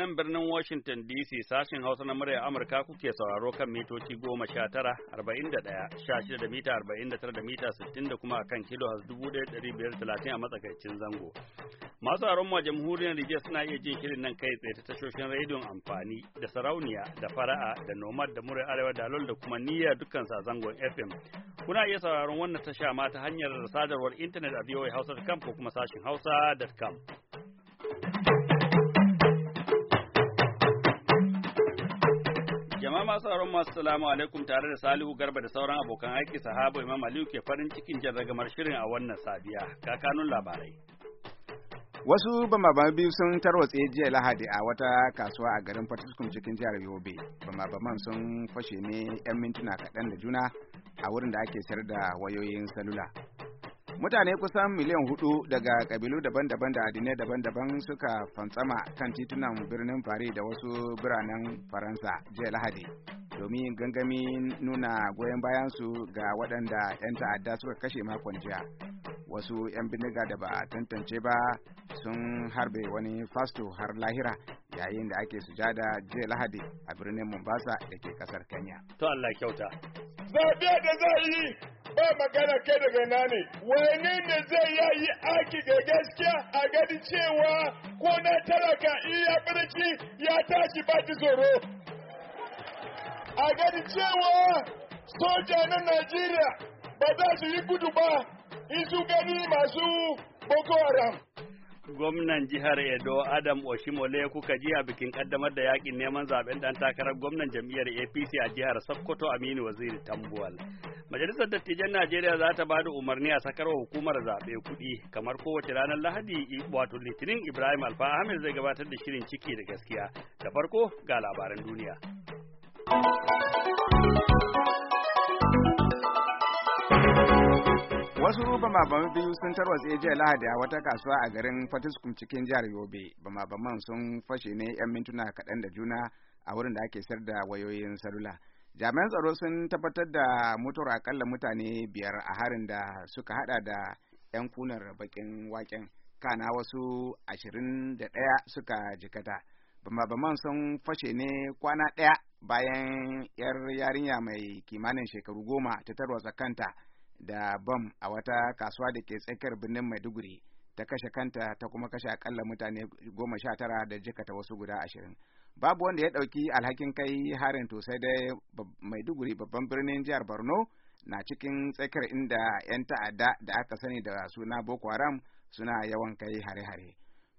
nan birnin Washington DC sashin Hausa na murya Amurka kuke sauraro kan mitoci goma sha tara, arba'in da ɗaya, sha shida da mita arba'in da tara da mita sittin da kuma kan kilo 1530 dubu ɗaya biyar talatin a matsakaicin zango. Masu aron ma jamhuriyar Nijar suna iya jin shirin nan kai tsaye ta tashoshin rediyon amfani da sarauniya da fara'a da nomad da murya arewa da lol da kuma niyya dukkan sa zangon FM. Kuna iya sauraron wannan tasha ma ta hanyar sadarwar intanet a voahausa.com ko kuma sashin hausa.com. Jama'a masu sauraron masu salamu alaikum tare da Salihu Garba da sauran abokan aiki sahaba Imam Aliyu ke farin cikin ragamar shirin a wannan safiya kakanun labarai. Wasu bamaban biyu sun tarwatse jiya Lahadi a wata kasuwa a garin Fatiskum cikin jihar Yobe. Bamabaman sun fashe ne 'yan mintuna kaɗan da juna a wurin da ake sayar da wayoyin salula. mutane kusan miliyan hudu daga kabilu daban-daban da addinai daban-daban suka fantsama kan titunan birnin paris da wasu biranen faransa jiya lahadi domin gangamin nuna goyon bayansu ga waɗanda 'yan ta'adda suka kashe makon jiya wasu 'yan bindiga da ba a tantance ba sun harbe wani fasto har lahira yayin da ake sujada jiya lahadi a birnin mombasa da ke kasar kenya to allah kyauta zaɓe da za yi ba magana kai daga na ne wani ne zai ya yi aki ga gaskiya a gani cewa ko na talaka iya birci ya tashi ba tsoro a gani cewa soja na najeriya ba za su yi gudu ba gani masu Boko Haram. Gwamnan jihar Edo Adam Oshimole kuka ji a bikin kaddamar da yakin neman zaben dan takarar gwamnan jam'iyyar APC a jihar Sokoto Aminu Waziri Tambuwal. Majalisar Dattijan Najeriya za ta bada umarni a sakarwa hukumar zaɓe kuɗi kamar kowace ranar Lahadi wato Litinin Ibrahim Alfa Ahmed zai gabatar da shirin ciki da gaskiya. Da farko ga labaran duniya. Wasu ruba biyu sun tarwatse jiya Lahadi a wata kasuwa a garin Fatiskum cikin jihar Yobe. bamabaman sun fashe ne 'yan mintuna kaɗan da juna a wurin da ake sayar da wayoyin salula. Jami'an tsaro sun tabbatar da mutuwar akalla mutane biyar a harin da suka hada da 'yan kunar bakin waken. Kana wasu ashirin da ɗaya suka jikata. bamabaman sun fashe ne kwana ɗaya bayan 'yar yarinya mai kimanin shekaru goma ta tarwatsa kanta. da bam a wata kasuwa da ke tsakar birnin maiduguri ta kashe kanta ta kuma kashe akalla mutane goma sha tara da jikata wasu guda ashirin babu wanda ya ɗauki alhakin kai harin to sai dai maiduguri babban birnin jihar borno na cikin tsakar inda 'yan ta'adda da aka sani da suna boko haram suna yawan kai hare-hare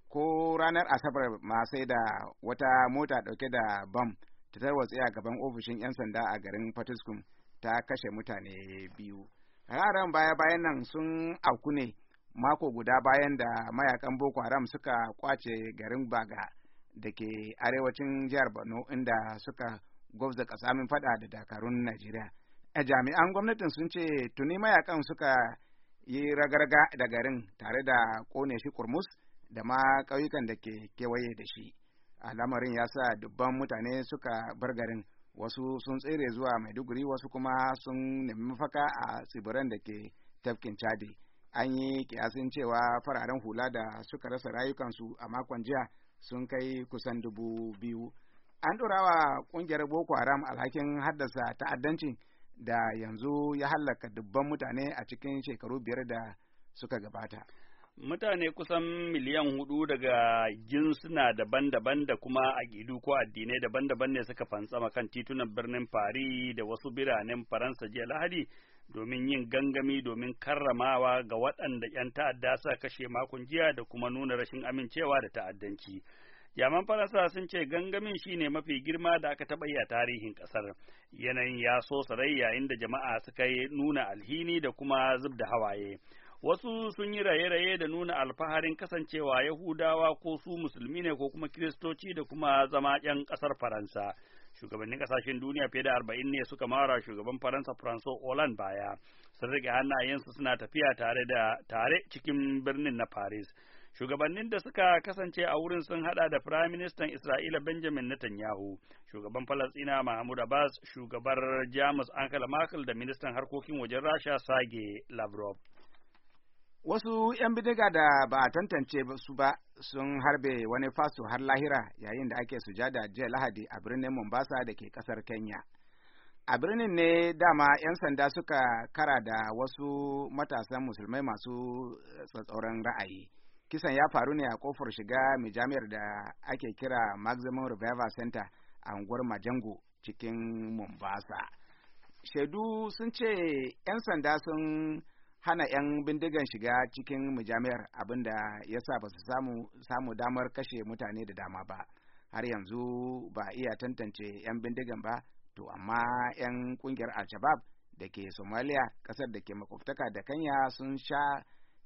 ko ranar asabar ma sai da wata mota ɗauke da bam ta tarwatse a gaban ofishin 'yan sanda a garin fatiskum ta kashe mutane biyu Haram baya-bayan nan sun auku ne mako guda bayan da mayakan Boko Haram suka kwace garin Baga da ke arewacin jihar Borno inda suka gwabza ƙasa min fada da dakarun Najeriya. Jami'an gwamnatin sun ce tuni mayakan suka yi ragarga da garin tare da kone shi kurmus da ma ƙauyukan da ke kewaye da shi. Al'amarin ya sa dubban mutane suka bar garin wasu sun tsere zuwa maiduguri wasu kuma sun nemi mafaka a tsibiran da ke tafkin chadi an yi kiyasin cewa fararen hula da suka rasa rayukansu a makon jiya sun kai kusan dubu biyu an ɗorawa ƙungiyar boko haram alhakin haddasa ta'addanci da yanzu ya hallaka dubban mutane a cikin shekaru biyar da suka gabata mutane kusan miliyan hudu daga jinsuna daban-daban da kuma gidu ko addinai daban-daban ne suka fantsama kan titunan birnin Fari da wasu biranen Faransa jiya Lahadi domin yin gangami domin karramawa ga waɗanda 'yan ta'adda sa kashe makon jiya da kuma nuna rashin amincewa da ta'addanci. Jaman Faransa sun ce gangamin shine mafi girma da aka taɓa yi a tarihin ƙasar. Yanayin ya so sarai yayin da jama'a suka nuna alhini da kuma zub da hawaye. Wasu sun yi raye-raye da nuna alfaharin kasancewa Yahudawa ko su musulmi ne ko kuma Kiristoci da kuma zama ‘yan ƙasar Faransa. Shugabannin ƙasashen duniya fiye da arba'in ne suka mara shugaban Faransa François Hollande baya. Sun rike hannayensu suna tafiya tare da tare cikin birnin na Paris. shugabannin da suka kasance a wurin sun hada da Prime Minister Isra'ila Benjamin Netanyahu, shugaban Falastina Mahmud Abbas, shugabar Jamus Angela Merkel da ministan harkokin wajen Rasha Sage Lavrov. Wasu ‘yan bidiga da ba a tantance su ba sun harbe wani faso har lahira yayin da ake sujada jiya Lahadi a birnin Mombasa da ke ƙasar Kenya. A birnin ne dama ‘yan sanda suka kara da wasu matasan musulmai masu eh, tsatsauran ra'ayi. Kisan ya faru ne a kofar shiga mai jami'ar da ake kira Maximum Revival Center a unguwar Majango cikin Mombasa. Shaidu sun ce ‘yan sanda sun hana 'yan bindigan shiga cikin mujamiyar abinda ya sa ba su samu, damar kashe mutane da dama ba har yanzu ba iya tantance 'yan bindigan ba to amma 'yan kungiyar al-shabab da ke somalia kasar da ke makwabtaka da kanya sun sha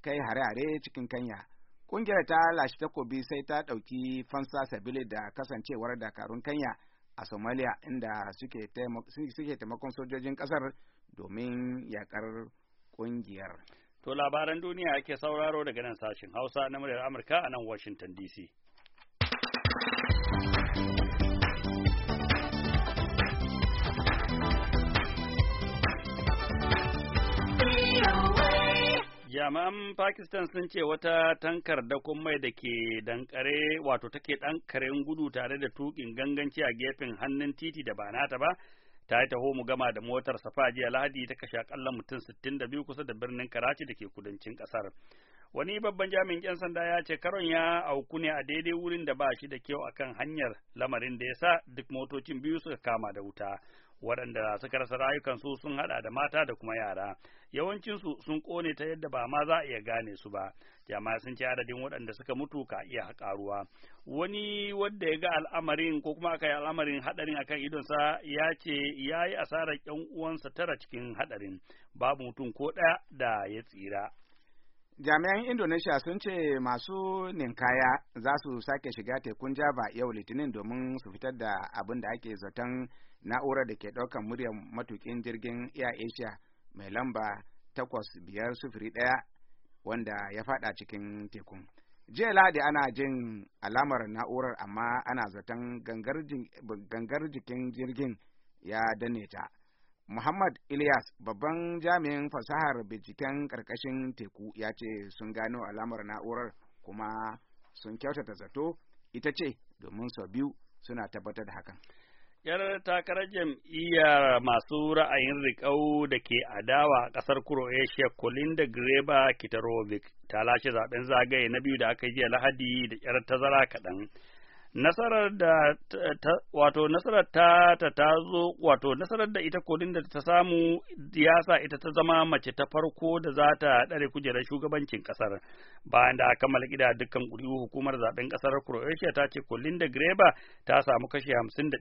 kai hare-hare cikin kanya kungiyar ta lashe takobi sai ta ɗauki fansa sabili da kasancewar dakarun kanya a somalia inda suke taimakon sojojin kasar domin yakar ƙungiyar. To labaran duniya ake sauraro daga nan sashen Hausa na muryar Amurka a nan Washington DC. jami'an Pakistan sun ce wata tankar dakon mai da ke dankare wato take dankarin gudu tare da tukin ganganci a gefen hannun titi da ba nata ba ta yi taho mu gama da motar safa jiya lahadi ta kashe akalla mutum sittin da biyu kusa da birnin karachi da ke kudancin kasar wani babban jami'in 'yan sanda ya ce karon ya auku ne a daidai wurin da ba shi da kyau akan hanyar lamarin da ya sa duk motocin biyu suka kama da wuta waɗanda suka rasa rayukansu sun haɗa da mata da kuma yara yawancinsu sun kone ta yadda ba ma za a iya gane su ba jama'a sun ci adadin waɗanda suka mutu ka iya ƙaruwa wani wanda ya ga al'amarin ko kuma aka yi al'amarin haɗarin akan idonsa ya ce ya yi asarar ƴan uwansa tara cikin haɗarin babu mutum ko ɗaya da ya tsira jami'an indonesia sun ce masu ninkaya za su sake shiga tekun java yau litinin domin su fitar da abin da ake zaton na'urar da ke ɗaukar muryar matukin jirgin air asia mai lamba takwas biyar sufuri ɗaya wanda ya faɗa cikin tekun jiya ladi ana jin alamar na'urar amma ana zaton gangar jikin jirgin ya danne ta muhammad ilyas babban jami'in fasahar binciken ƙarƙashin teku ya ce sun gano alamar na'urar kuma sun kyautata zato ita ce domin sau biyu suna tabbatar da hakan 'yar takarar jam'iyyar masu ra'ayin riƙau da ke adawa a ƙasar Croatia Kolinda Greba Kitarovic ta lashe zaɓen zagaye na biyu da aka yi jiya Lahadi da 'yar tazara kaɗan nasarar da wato nasarar ta ta ta wato nasarar da ita kodin da ta samu ya sa ita ta zama mace ta farko da za ta dare kujerar shugabancin kasar bayan da mallaki gida dukkan ƙuri'u hukumar zaben ƙasar Croatia ta ce da Greba ta samu kashi hamsin da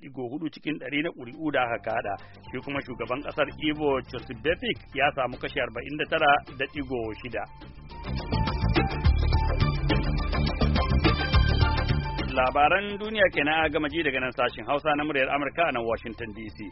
cikin ɗari na ƙuri'u da aka kada shi kuma shugaban ƙasar Ivo Josipovic ya samu kashi arba'in Labaran duniya kenan a gama ji daga nan sashen Hausa na muryar Amurka a nan Washington DC.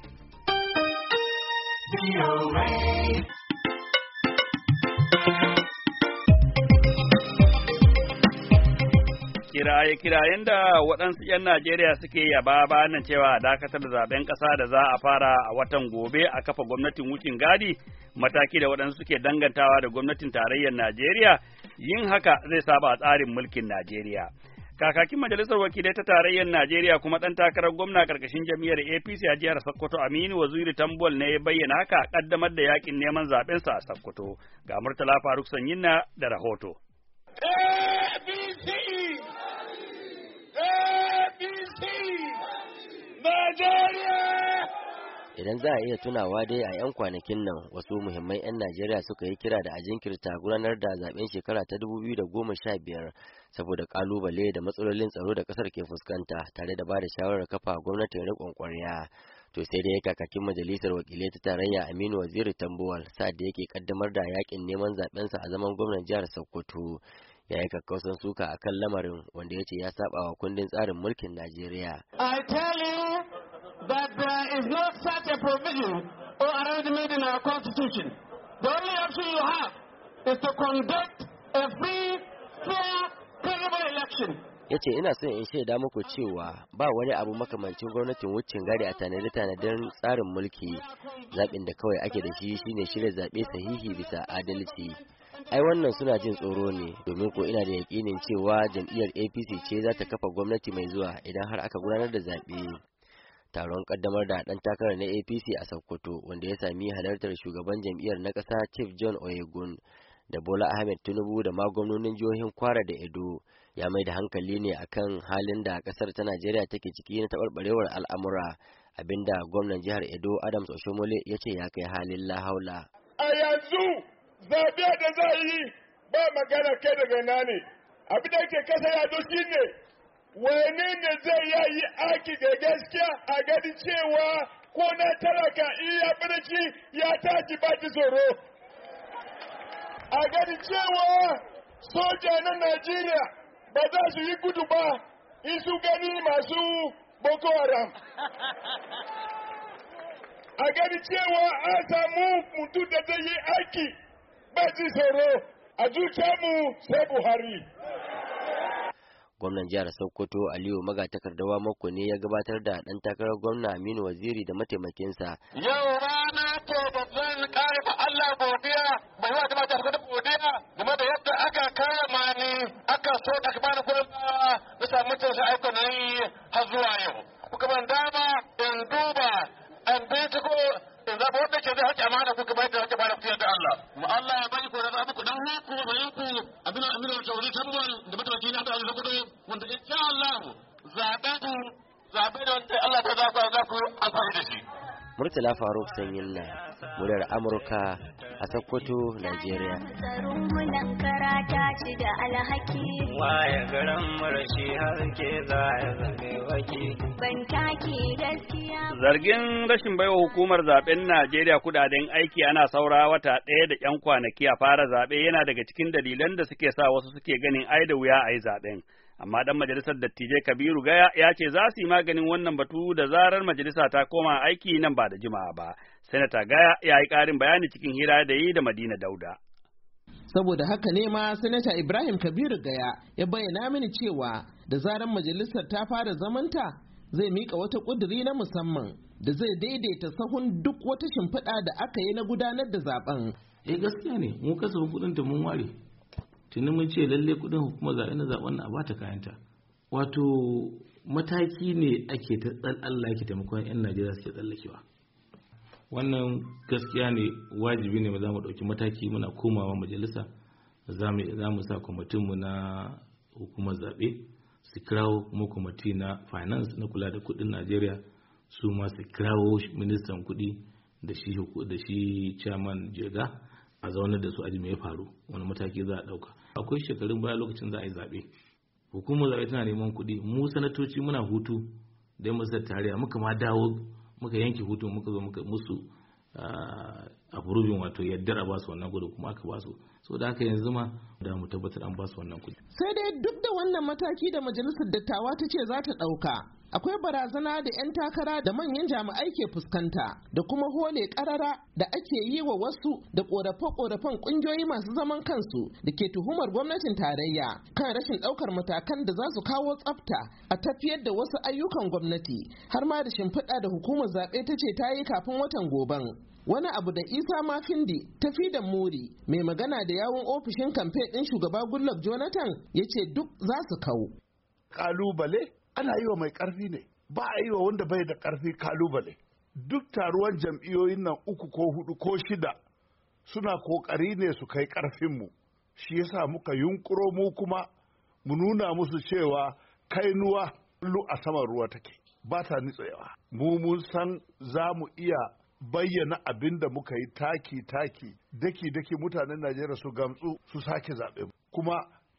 Kiraye-kirayen da waɗansu 'yan Najeriya suke yaba bayanan cewa dakatar da zaben ƙasa da za a fara a watan gobe a kafa gwamnatin wucin gadi mataki da waɗansu suke dangantawa da gwamnatin tarayyar Najeriya yin haka zai saba a tsarin mulkin Najeriya. Kakakin Majalisar Wakilai ta Tarayyar Najeriya kuma ɗan takarar gwamna karkashin jam'iyyar APC a jihar Sokoto Aminu Waziri Tambol ne ya bayyana haka ƙaddamar da yakin neman zaɓensa a Sokoto. Ga Murtala Faruk Sanyinna da rahoto. APC! APC! Najeriya! Idan za a iya tunawa dai a 'yan kwanakin nan wasu muhimman 'yan Najeriya suka yi kira da ajinkirta gudanar da zaben shekara ta dubu biyu da goma sha biyar saboda kalubale da matsalolin tsaro da kasar ke fuskanta tare da ba da shawarar kafa gwamnatin rikon kwarya to sai dai kakakin majalisar wakilai ta tarayya Aminu Waziri Tambuwal sa'ad da yake kaddamar da yakin neman zabensa a zaman gwamnan jihar Sokoto ya yi kakkausan suka akan lamarin wanda ya ce ya saba wa kundin tsarin mulkin Najeriya. that there is no such a provision or arrangement in our constitution. The only option you have is to conduct a free, fair, credible election. ya ce ina son in shaida muku cewa ba wani abu makamancin gwamnatin wucin gari a tanadi tanadin tsarin mulki zaɓin da kawai ake da shi shine shirya zaɓe sahihi bisa adalci ai wannan suna jin tsoro ne domin ko ina da yakinin cewa jam'iyyar apc ce za ta kafa gwamnati mai zuwa idan har aka gudanar da zaɓe taron kaddamar da ɗan takara na apc a sokoto wanda ya sami halartar shugaban jam'iyyar na ƙasa chief john oyegun da bola ahmed tinubu da ma gwamnonin jihohin kwara da edo ya mai da hankali ne akan halin da ƙasar ta najeriya take ciki na taɓarɓarewar al'amura abinda gwamnan jihar edo adams oshomole ya ce ya kai halin lahaula a yanzu zaɓe da za yi ba magana kai daga na abin da yake kasa yado shine wani ne zai yi aki da gaskiya a gani cewa ko na talaka iya birki ya taki ba soro tsoro a gani cewa soja na najeriya ba za su yi gudu ba isu gani masu boko haram a gani cewa an samu mutum da zai yi aiki ba ji tsoro a zuciya mu sai buhari gwamnan jihar sokoto aliyu magatakardawa mako ne ya gabatar da ɗan takarar gwamna aminu waziri da mataimakinsa yau rana ko babban zan kare allah godiya bai yawa jama'a jihar sokoto godiya game da yadda aka kama ni aka so da aka bani gurin na samu cin sha'aikon na yi har zuwa yau kuka ban dama in duba in ko in zaɓi wanda ke zai haƙƙi amana kuka gurgudu wanda insha Allah zaɓe zaɓe da wanda Allah ta zaɓa za ku amfani da shi. Murtala Faruk Sanyin na muryar Amurka a Sokoto, Najeriya. Waye Zargin rashin baiwa hukumar zaben Najeriya kudaden aiki ana saura wata ɗaya da ƴan kwanaki a fara zaɓe yana daga cikin dalilan da suke sa wasu suke ganin ai da wuya a yi zaɓen. amma dan majalisar dattijai Kabiru Gaya ya ce za su yi maganin wannan batu da zarar majalisa ta koma aiki nan ba da jima'a ba. Sanata Gaya ya yi ƙarin bayani cikin hira da yi da Madina Dauda. Saboda haka ne ma Sanata Ibrahim Kabiru Gaya ya bayyana mini cewa da zarar majalisar ta fara zamanta zai mika wata ƙuduri na musamman da zai daidaita sahun duk wata shimfiɗa da aka yi na gudanar da zaben. Eh gaskiya ne mu kasa kuɗin mun ware tuni mun ce lalle kudin hukumar zaɓe na zaɓen a bata kayanta wato mataki ne ake ta Allah ke taimakon 'yan Najeriya suke tsallakewa wannan gaskiya ne wajibi ne za mu ɗauki mataki muna komawa majalisa za mu sa mu na hukumar zaɓe su kirawo kuma kwamiti na finance na kula da kudin Najeriya su ma su kirawo ministan kudi da shi da shi chairman jega a zaune da su aji me ya faru wani mataki za a ɗauka akwai shekarun baya lokacin za a yi zaɓe hukumar zaɓe tana neman kuɗi mu sanatoci muna hutu da zai tariya muka ma dawo muka yanke hutu muka zo muka musu ah, A approving wato yaddar a su wannan gudu kuma aka ba su. so da haka yanzu ma da mu tabbatar an ba su wannan kuɗi. sai dai duk da wannan mataki da majalisar dattawa ta ce za ta ɗauka akwai barazana da 'yan takara da manyan jami'ai ke fuskanta da kuma hole karara da ake yi wa wasu da korafe-korafen kungiyoyi masu zaman kansu da ke tuhumar gwamnatin tarayya kan rashin daukar matakan da za su kawo tsafta a tafiyar da wasu ayyukan gwamnati har ma da shimfiɗa da hukumar zaɓe ta ce ta yi kafin watan goben wani abu da isa mafindi tafi da muri mai magana da yawun ofishin kamfe ɗin shugaba gullab jonathan ya ce duk za su kawo kalubale ana yi wa mai karfi ne ba a yi wa wanda bai da ƙarfi kalubale duk taruwan jam'iyoyin nan uku ko hudu ko shida suna kokari ne su kai ƙarfinmu shi yasa muka yunkuro mu kuma mu nuna musu cewa kainuwa lu a saman ruwa take ba ta nitsewa mu mun san za mu iya bayyana abin da muka yi taki-taki daki-daki mutanen najeriya su gamsu su sake zaɓe kuma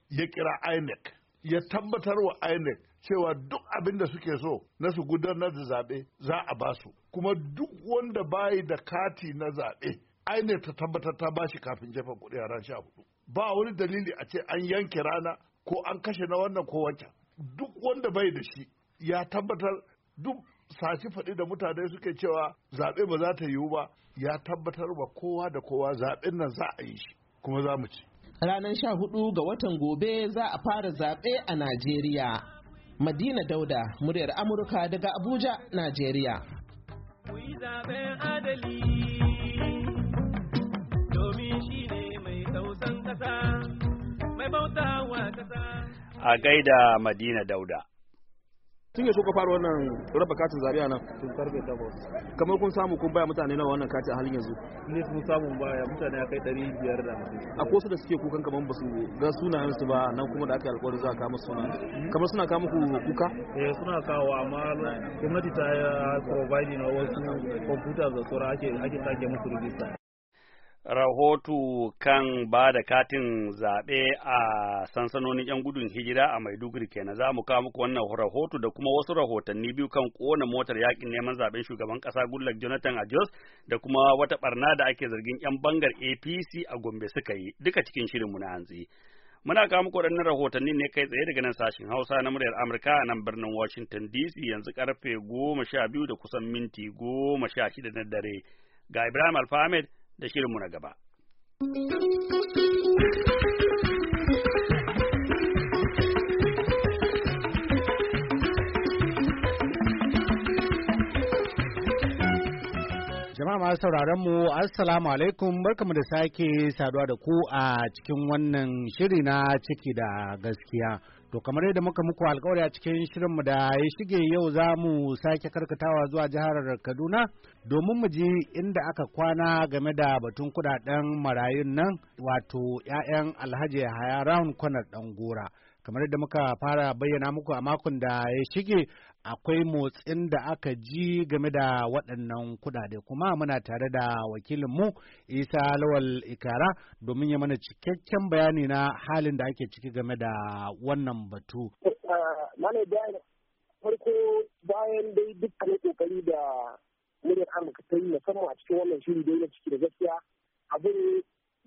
ya kira inec ya tabbatar wa inec cewa duk abin da suke so na su gudanar da zaɓe za a ba su kuma duk wanda bayi da kati na zaɓe inec ta tabbatar ta ba shi kafin jefa kuɗi a ran sha hudu ba wani dalili a ce an yanke rana ko an kashe na wannan ko wancan duk wanda bai da shi ya tabbatar duk sashi faɗi da mutane suke cewa zaɓe ba za ta yiwu ba ya tabbatar wa kowa da kowa zaɓen nan za a yi shi kuma za mu ci. Ranar sha hudu ga watan gobe za a fara zaɓe a Najeriya. Madina Dauda, muryar Amurka daga Abuja, Najeriya. adali domin mai mai bautawa A gaida Madina Dauda. tun yaushe ku fara wannan raba katin zariya nan tun karfe 8 kamar kun samu kun baya mutane nawa wannan katin halin yanzu ne sun samu baya mutane akai 550 akwai su da suke kukan kamar ba su ga sunayen su ba nan kuma da aka alƙawarin za a kama suna hmm? kamar suna kama ku kuka eh suna kawo amma gwamnati ta provide na wasu computers da tsora ake ake take musu rijista rahoto kan ba da katin zaɓe a sansanonin 'yan gudun hijira a Maiduguri kenan za mu kawo muku wannan rahoto da kuma wasu rahotanni biyu kan kona motar yakin neman zaɓen shugaban ƙasa Goodluck Jonathan a da kuma wata ɓarna da ake zargin 'yan bangar APC a Gombe suka yi duka cikin shirinmu na hanzi. Muna kawo muku waɗannan rahotanni ne kai tsaye daga nan sashen Hausa na muryar Amurka a nan birnin Washington DC yanzu karfe goma sha biyu da kusan minti goma sha shida na dare. Ga Ibrahim Alfahamed da shirinmu na gaba. Jama'a masu sauraron mu Assalamu alaikum barkamu da sake saduwa da ku a cikin wannan shiri na ciki da gaskiya. To kamar yadda muka muku alkawari a cikin shirin mu da ya shige yau za mu sake karkatawa zuwa jihar Kaduna domin mu ji inda aka kwana game da batun kudaden marayun nan wato 'ya'yan Alhaji Haya Round Kwanar Dangora. kamar yadda muka fara bayyana muku a makon da ya shige akwai motsin da aka ji game da waɗannan kuɗaɗe kuma muna tare da wakilinmu isa lawal ikara domin ya mana cikakken bayani na halin da ake ciki game da wannan batu. Eh, farko bayan dai dukkan kokari da muryar amurka ta yi musamman a cikin wannan shiri dai na ciki da gaskiya abin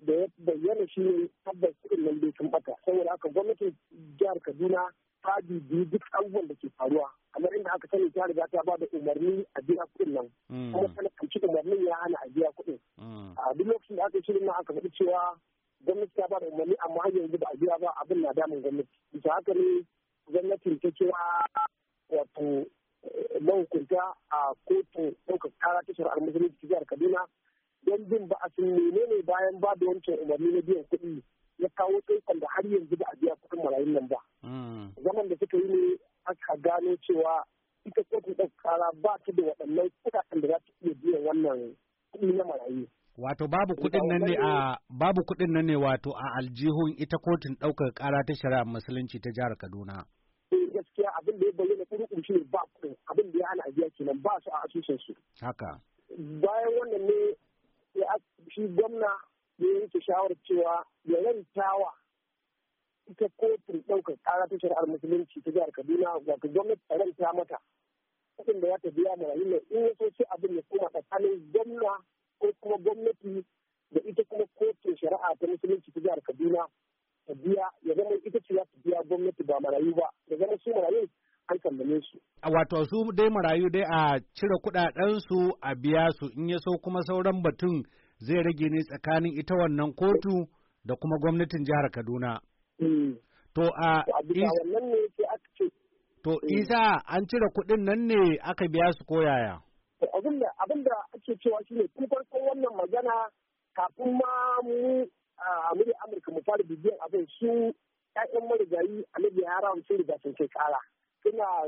da ya bayyana shi ne tabbas kuɗin nan bai sun bata saboda haka gwamnatin jihar kaduna fadi biyu duk abubuwan da ke faruwa kamar inda aka sani ta za ta ba da umarni a biya kuɗin nan mm. kuma ta kanci umarnin ya hana a biya kuɗin mm. a duk lokacin da aka shirin nan aka faɗi cewa gwamnati ta ba da umarni amma har yanzu ba a biya ba abin na damun gwamnati bisa haka ne gwamnati ta kira wato eh, mahukunta a kotun ɗaukar kara ta shari'ar musulunci jihar kaduna don bin ba a sun menene bayan ba da wancan umarni na biyan kuɗi ya kawo tsaikon da har yanzu ba a biya kuɗin marayun nan ba. Hmm. Zaman da suka yi ne aka gano cewa ita kotun ɗan kara ba ta da waɗannan kuɗaɗen da za ta iya biya wannan kuɗi na marayu. Wato babu kuɗin nan ne a babu kuɗin nan ne wato a aljihun ita kotun ɗaukar ƙara ta shari'a musulunci ta jihar Kaduna. Eh, gaskiya abin da ya bayyana kurukun shi ne ba kuɗin abin da ya hana biya kenan ba su a asusun su. Haka. Bayan wannan ne shi gwamna ya yanke shawarar cewa ya rantawa ita kotun ɗaukar ƙara ta shari'ar musulunci ta jihar kaduna wato gwamnati ta ranta mata kuɗin da ya ta biya marayu mai in ya so abin ya koma tsakanin gwamna ko kuma gwamnati da ita kuma kotun shari'a ta musulunci ta jihar kaduna ta biya ya zama ita ce ya biya gwamnati ba marayu ba ya zama su marayu an kallame su. Wato su dai marayu dai a cire kuɗaɗensu a biya su in ya so kuma sauran batun zai rage ne tsakanin ita wannan kotu da kuma gwamnatin jihar Kaduna. Hmm. To a To hmm. isa an cire kuɗin nan ne aka biya su koyaya. Abin da ake cewa shi ne tun farko wannan magana kafin ma mu a muri Amurka mu fara bibiyan abin su ƴaƴan marigayi ya rawa sun riga sun kai kara. Suna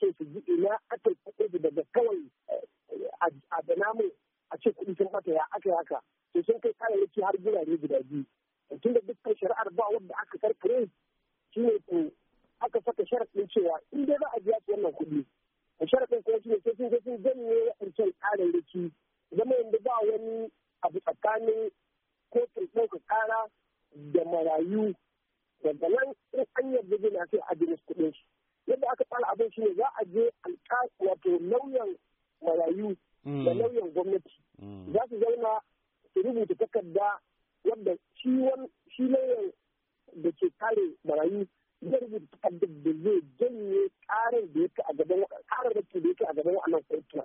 so su ji ina aka kuɗi daga kawai eh, eh, a da namu a ce kuɗi sun bata ya aka haka to sun kai kayayyaki har gurare guda biyu tun da dukkan shari'ar ba wanda aka karkare shi ne ko aka saka sharaɗin cewa in dai za a biya su wannan kuɗi a sharaɗin kuma shi ne sai sun sun janye wa'ancan kayayyaki zama yadda ba wani abu tsakanin ko ɗauka ƙara da marayu daga nan in an yarda zai sai a biya kuɗin shi yadda aka tsara abin shi ne za a je alƙa wato lauyan marayu Mm. da lauyan gwamnati mm. za su zauna su rubuta takarda wadda shi nauyin da ke kare marayu zai rubuta takardar da zai janye karar da yake a gaban karar da ke yake a gaban wannan kotuna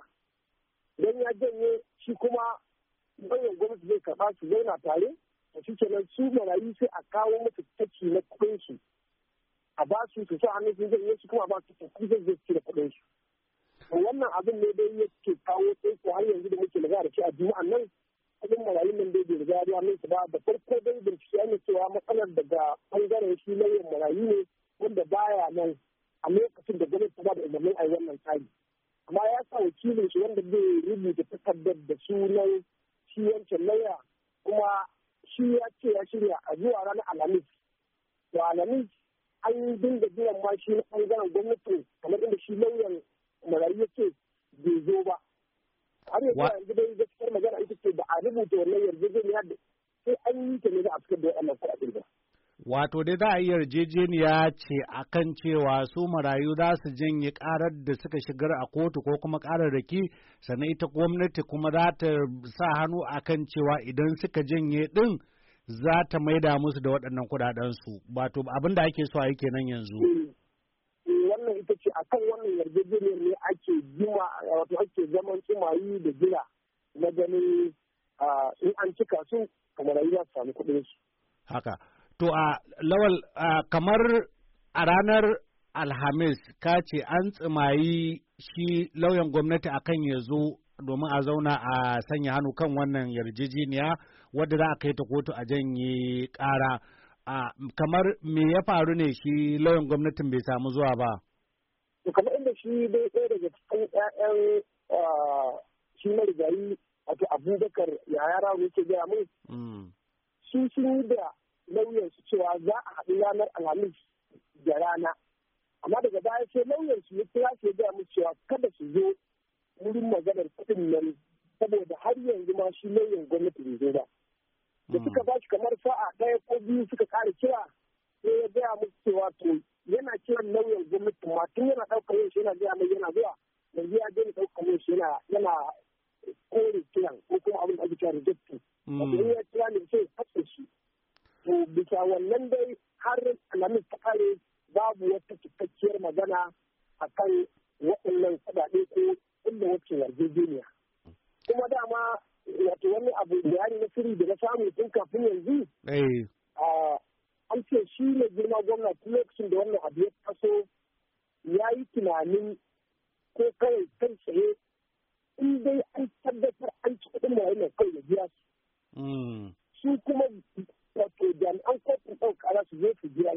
don ya janye shi kuma nauyin gwamnati zai karɓa su zauna tare a cikin nan su marayu sai a kawo musu taki na kuɗin a ba su su sa hannun sun janye su kuma a ba su kuɗin zai ci da kuɗin wannan abin ne dai ke kawo tsaiko har yanzu da muke magana da shi a juma'an nan abin marayun nan dai bai riga ya nan ba da farko dai bincike ne cewa matsalar daga bangaren shi na lauyan marayu ne wanda baya nan a lokacin da gwamnati ta ba da umarnin a yi wannan tsari amma ya sa wakilin shi wanda zai rubuta takardar da sunan shi wancan lauya kuma shi ya ce ya shirya a zuwa ranar alhamis to alhamis an dinga biyan ma na bangaren gwamnati kamar inda shi lauyan magari ya ce bai zo ba har yanzu yanzu zai gaskiyar magana ita ce ba a rubuta wannan yarjejeniya da sai an yi ta ne za a fitar da wannan kuɗaɗen ba. Wato dai za a yi yarjejeniya ce a kan cewa su marayu za su janye ƙarar da suka shigar a kotu ko kuma ƙarar kararraki sannan ita gwamnati kuma za ta sa hannu a kan cewa idan suka janye ɗin za ta maida musu da waɗannan kuɗaɗensu. Wato abin da ake so a yi kenan yanzu. Mm. ita ce akan wannan yarjejeniyar ne ake jima wato ake zaman tsumayi da jira na ganin in an cika su kamar za su samu kuɗin su. Haka. To a lawal kamar a ranar Alhamis ka ce an tsimayi shi lauyan gwamnati akan ya zo domin a zauna a sanya hannu kan wannan yarjejeniya wadda za a kai ta kotu a janye ƙara. kamar me ya faru ne shi lauyan gwamnatin bai samu zuwa ba? to kamar inda shi da ɗaya daga cikin ƴaƴan shi a ta abubakar yaya rago ke gaya mun mm. su sun da lauyan su cewa za a haɗu yanar alhamis da rana amma daga baya sai lauyan su ya kira su gaya mun cewa kada su zo wurin maganar kuɗin nan saboda har yanzu ma shi lauyan gwamnati bai zo ba da mm. suka ba shi kamar sa'a ɗaya ko biyu suka ƙara kira sai ya gaya musu cewa to yana kiran lauyan gwamnati ma tun yana ɗaukar yin shi yana zuwa mai yana zuwa yanzu ya daina ɗaukar yin yana yana kore kiran ko kuma abin da ake kira rejectin. Hmm. Wato ya kira ne sai ya shi. To bisa wannan dai har alamis ta kare babu wata cikakkiyar magana a kan waɗannan kuɗaɗe ko inda wacce yarjejeniya. Kuma dama wato wani abu bayani na sirri da na samu tun kafin yanzu. Eh. Ah, an ce shi ne girma gwamna tun lokacin da wannan abu ya taso ya yi tunanin ko kawai kan tsaye in dai an tabbatar an ci kuɗin mai mai kawai da biya mm. su. kuma wato jami'an kotun ɗaukara su je su biya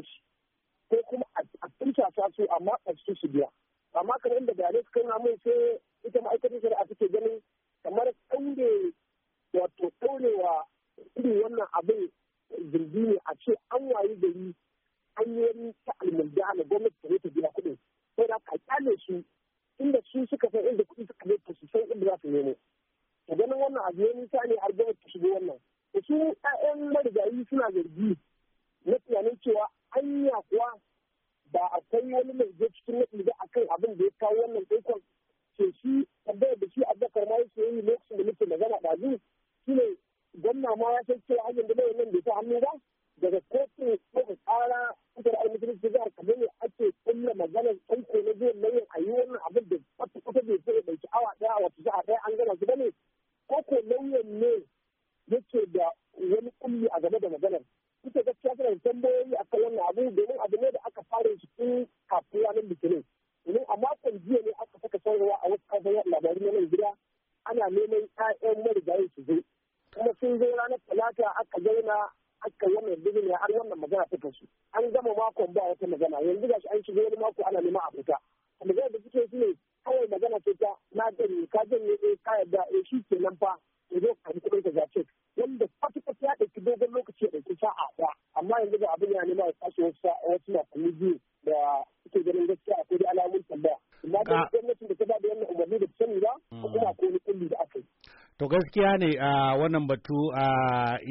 ne a wannan batu a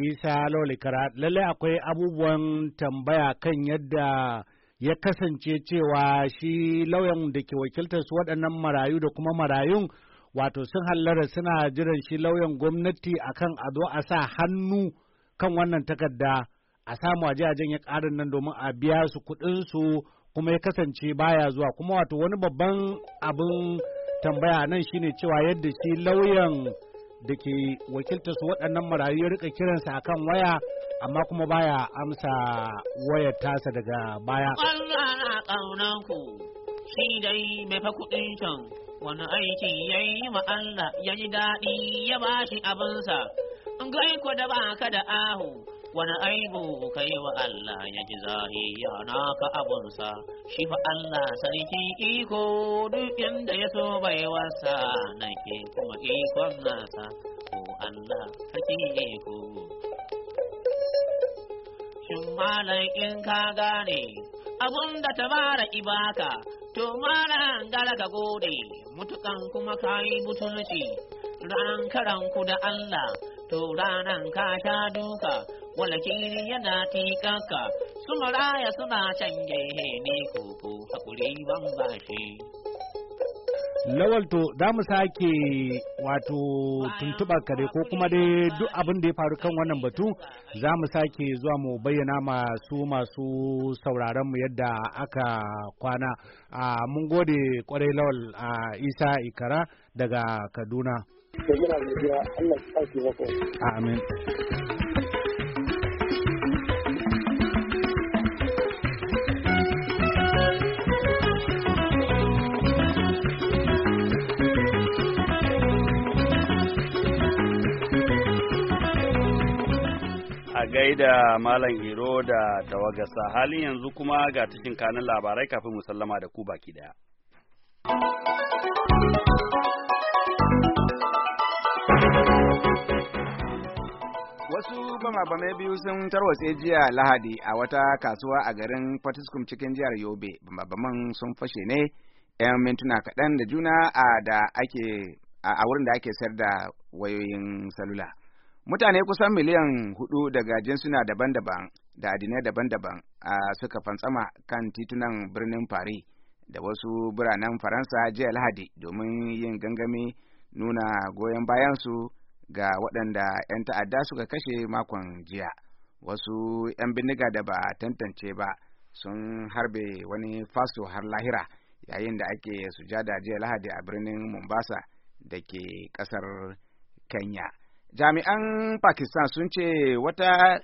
isa lolikara lallai akwai abubuwan tambaya kan yadda ya kasance cewa shi lauyan da ke wakiltar su waɗannan marayu da kuma marayun wato sun hallara suna jiran shi lauyan gwamnati akan a zo a sa hannu kan wannan takarda a samu a jajen ya ƙarin nan domin a biya su kuɗinsu kuma ya kasance baya zuwa kuma wato wani babban abin tambaya nan shine cewa yadda shi lauyan da ke wakilta su waɗannan marayu ya rika kiransa a kan waya amma kuma baya amsa wayar tasa daga baya. Allah na ƙaunan ku shi dai mai fa kuɗin can wani aiki ya yi ma Allah ya ji daɗi ya ba shi abinsa. Gai ku da ba ka da ahu. wani aibu kai wa Allah ya ji zahiya ka abunsa shi fa Allah sarki iko duk inda ya so bai wasa na ke kuma ikon nasa ko Allah sarki iko shin malam in ka gane abun da mara ibaka to malam gara ka gode mutukan kuma kayi mutunci ran karanku da Allah to ranan ka ta duka walakiri yana kaka suna raya suna canje ne koko hakuri ban bashi Lawal to za mu sake wato tuntuɓa kare ko kuma dai duk abin da ya faru kan wannan batu za mu sake zuwa mu bayyana masu masu sauraron mu yadda aka kwana. Mun gode kwarai Lawal a Isa Ikara daga Kaduna. Amin. gaida Malam Iro da tawagasa halin yanzu kuma ga cikin kanin labarai kafin mu sallama da ku baki daya. Wasu bama-bamai biyu sun tarwatse jiya Lahadi a wata kasuwa a garin Fatiskum cikin jihar Yobe. Bama-baman sun fashe ne 'yan mintuna kaɗan da juna a wurin da ake sayar da wayoyin salula. Mutane kusan miliyan hudu daga jinsuna daban-daban da adinai daban-daban a suka fantsama kan titunan birnin Paris da wasu biranen Faransa jiya Lahadi domin yin gangami nuna goyon bayansu ga waɗanda 'yan ta'adda suka kashe makon jiya. Wasu 'yan bindiga da ba tantance ba sun harbe wani faso har lahira yayin da ake sujada jiya Lahadi a birnin Mombasa da ke ƙasar Kenya. jami'an pakistan sun ce wata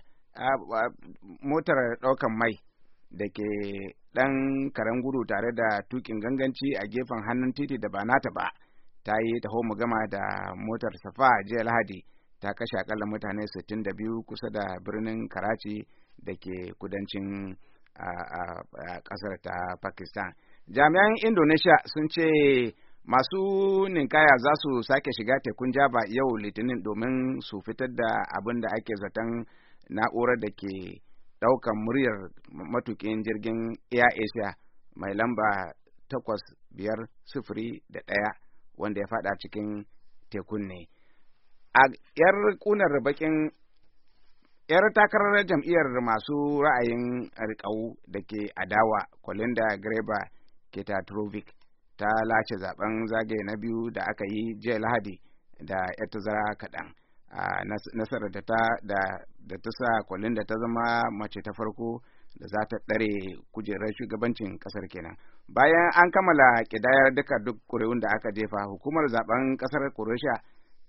motar ɗaukan mai da ke ɗan karen gudu tare da tukin ganganci a gefen hannun titi da ba nata ba ta yi taho gama da motar safa jiya lahadi ta kashe akalla mutane 62 kusa da birnin karachi da ke kudancin a ƙasar ta pakistan jami'an indonesia sun ce Masu ninkaya za su sake shiga tekun Jaba yau Litinin domin su fitar da abin da ake zaton na'urar da ke ɗaukan muryar matukin jirgin Air Asia mai lamba takwas biyar sufuri da ɗaya wanda ya faɗa cikin tekun ne. A ‘yar ƙunar bakin ‘yar takarar jam'iyyar masu ra'ayin rikau da ke adawa, Kolinda Greba Ketatrovic. ta lace zaben zagaye na biyu da aka yi jiya lahadi da ya tazara kaɗan a nasarar da ta da ta sa kwallon da ta zama mace ta farko da za ta ɗare kujerar shugabancin ƙasar kenan bayan an kammala ƙidayar duka duk ƙuri'un da aka jefa hukumar zaben ƙasar kurusha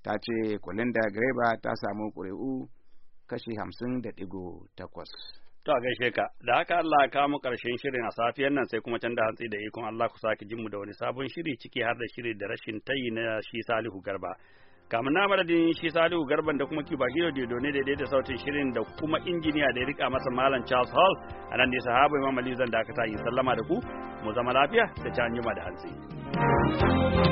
ta ce kwallon da greba ta samu ƙuri'u kashi hamsin da ɗigo takwas To a gaishe ka, da haka Allah ka mu karshen shirin a safiyar nan sai kuma can da hantsi da ikon Allah ku sake jinmu da wani sabon shiri ciki har da shiri da rashin tayi na shi Salihu Garba. Kamun na madadin shi Salihu Garban da kuma Kiba Hiro Dedo ne daidai da sautin shirin da kuma injiniya da ya rika masa Malam Charles Hall a nan ne sahaba Imam Ali zan da aka sallama da ku mu zama lafiya da can jima da hantsi.